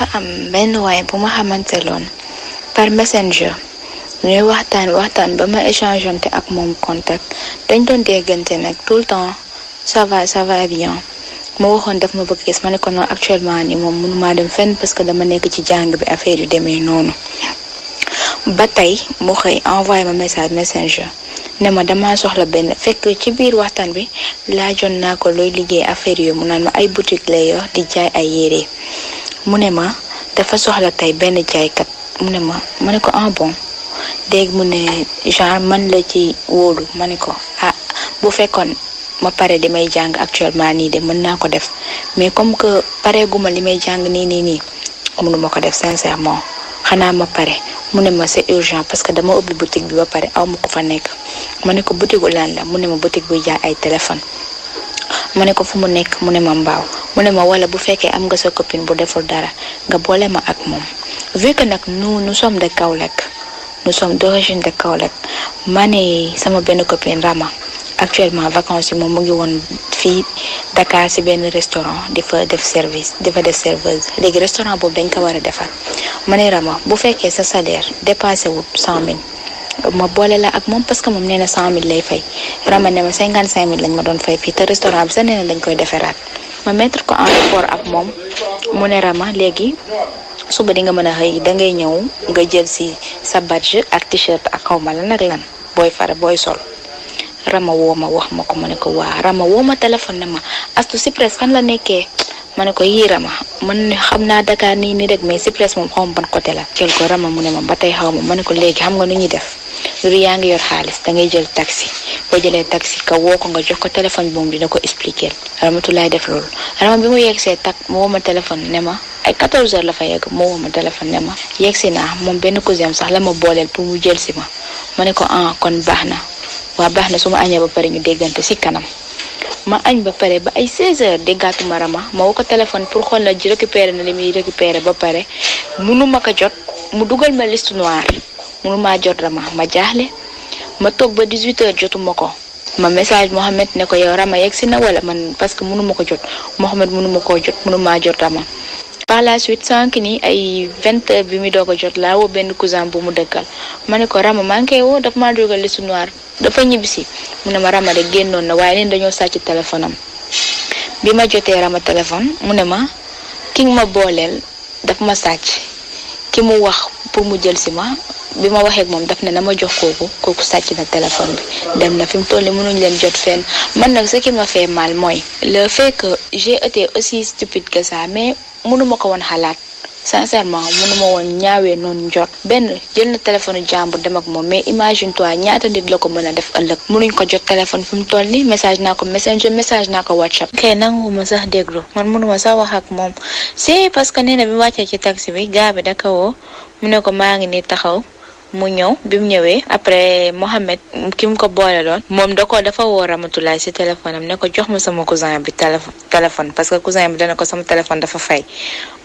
dafa am benn waay bu ma xamante loon par messenger ñuy waxtaan waxtaan ba ma échangeante ak moom contact dañ doon déggante nag tout le temps ça va ça va waxoon daf ma bëgg gis ma ne ko noonu actuellement nii moom mënumaa dem fenn parce que dama nekk ci jàng bi affaire yu demee noonu ba tey mu xëy envoyé ma message messenger ne ma damaa soxla benn fekk ci biir waxtaan bi laajoon naa ko looy liggéey affaire yooyu mu naan ma ay boutique lay yor di jaay ay yére mu ne ma dafa soxla tey benn jaaykat mu ne ma ma ne ko en ah bon dégg mu ne genre man la ci wóolu ma ne ko ah bu fekkoon ma pare li may jàng actuellement nii de mën naa ko def mais comme que pareeguma li may jàng nii nii nii ma ko def sincèrement xanaa ma pare mu ne ma c'est urgent parce que dama ubbi boutique bi ba pare aw ma ko fa nekk ma ne ko boutique lan la mu ne ma boutique buy jaay ay téléphone ma ne ko fu mu nekk mu ne ma mbaaw mu ne ma wala bu fekkee am nga sa copine bu deful dara nga boole ma ak moom vu que nag nous nous sommes de Kaolack nous sommes d'origine de Kaolack ma ne sama benn copine Rama actuellement vacances yi moom mu ngi woon fii Dakar si benn restaurant di fa def service di fa def serveuse léegi restaurant boobu dañ ko war a defar ma ne Rama bu fekkee sa salaire dépassé wut cent mille ma boole la ak mom parce que mom nee 100000 lay fay Rama ne ma cinquante lañ ma don fay fi te restaurant bi sax dañ koy deferaat ma mettre ko en rapport ak mom mu Rama légui suba di nga mëna a da ngay ñëw nga jël si sa badge ak t-shirt ak xawma lan lan boy fara boy sol Rama woma ma wax ma ko ko wa Rama woma ma téléphone ne ma astu si presse kan la nekkee mané ko yi Rama man xam naa Dakar ni ni rek mais si presse mom xom ban côté la jël ko Rama mu ne ma batay xawma mané ko légui xam nga nu ñi def su yaa ngi yor xaalis da ngay jël taxi boo jëlee taxi ka woo ko nga jox ko téléphone bi moom dina ko expliquer ramatulaay def loolu rama bi mu yegg see tak mu woo ma téléphone ne ma ay 14 heures la fa yegg mu woo ma téléphone ne ma yegg si naa moom benn cousin sax la ma booleel pour mu jël si ma ma ne ko ah kon baax na waa baax na su ma añee ba pare ñu déggante si kanam ma añ ba pare ba ay 16 heures déggaatuma rama ma woo ko téléphone pour xool na ji récupéré na li muy récupéré ba pare munu ma ko jot mu dugal ma liste noire mënu maa jot Rama ma jaaxle ma toog ba 18h jotuma ko ma message Mohamed ne ko yow Rama yegg si na wala man parce que mënu ko jot Mohamed mënuma ma koo jot mënu maa jot Rama. par la suite sànq ni ay 20h bi mu doog a jot laa woo benn cousin bu mu dëkkal ma ne ko Rama maa ngi koy woo daf maa dugal liste noire dafa ñibbisi mu ne ma Rama de génnoon na waaye neen dañoo sàcc téléphone am bi ma jotee Rama téléphone mu ne ma ki ma booleel daf ma sàcc ki mu wax. pour mu jël si ma bi ma waxee moom daf ne na ma jox kooku kooku sàcc na téléphone bi dem na fi mu toll mënuñ leen jot feen man nag ce qui m'a fait mal mooy le fait que j'ai été aussi stupide que ça mais mënuma ko woon xalaat sincèrement mënu ma woon ñaawee noon njot benn jël na téléphone jàmbur dem ak moom mais imagine toi ñaata nit la ko mën a def ëllëg mënuñ ko jot téléphone fi mu toll ni message naa ko messenger message naa ko whatsapp kay nanguma sax déglu man mënuma sax wax ak moom c'est parce que nee na bi wàccee ci taxi bi gaa bi da ko woo mu ne ko maa ngi ni taxaw mu ñëw bi mu ñëwee après Mohamed ki mu ko boole loon moom da ko dafa woo Ramatulaay si téléphone am ne ko jox ma sama cousin bi téléphone parce que cousin bi dana ko sama téléphone dafa fay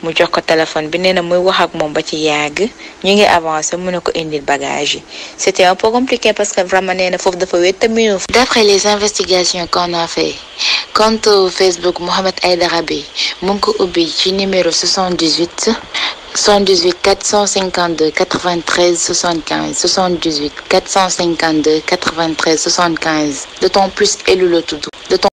mu jox ko téléphone bi nee na muy wax ak moom ba ci yàgg ñu ngi avancé mu ne ko indil bagage yi c'était un peu compliqué parce que vraiment nee na foofu dafa wét te miinu d'après les investigations qu'on a fait compte Facebook Mohamed Aïdara bi mu ngi ko ubbi ci numéro 78 78 452 93 75 78 452 93 75 de ton plus élu le tout de ton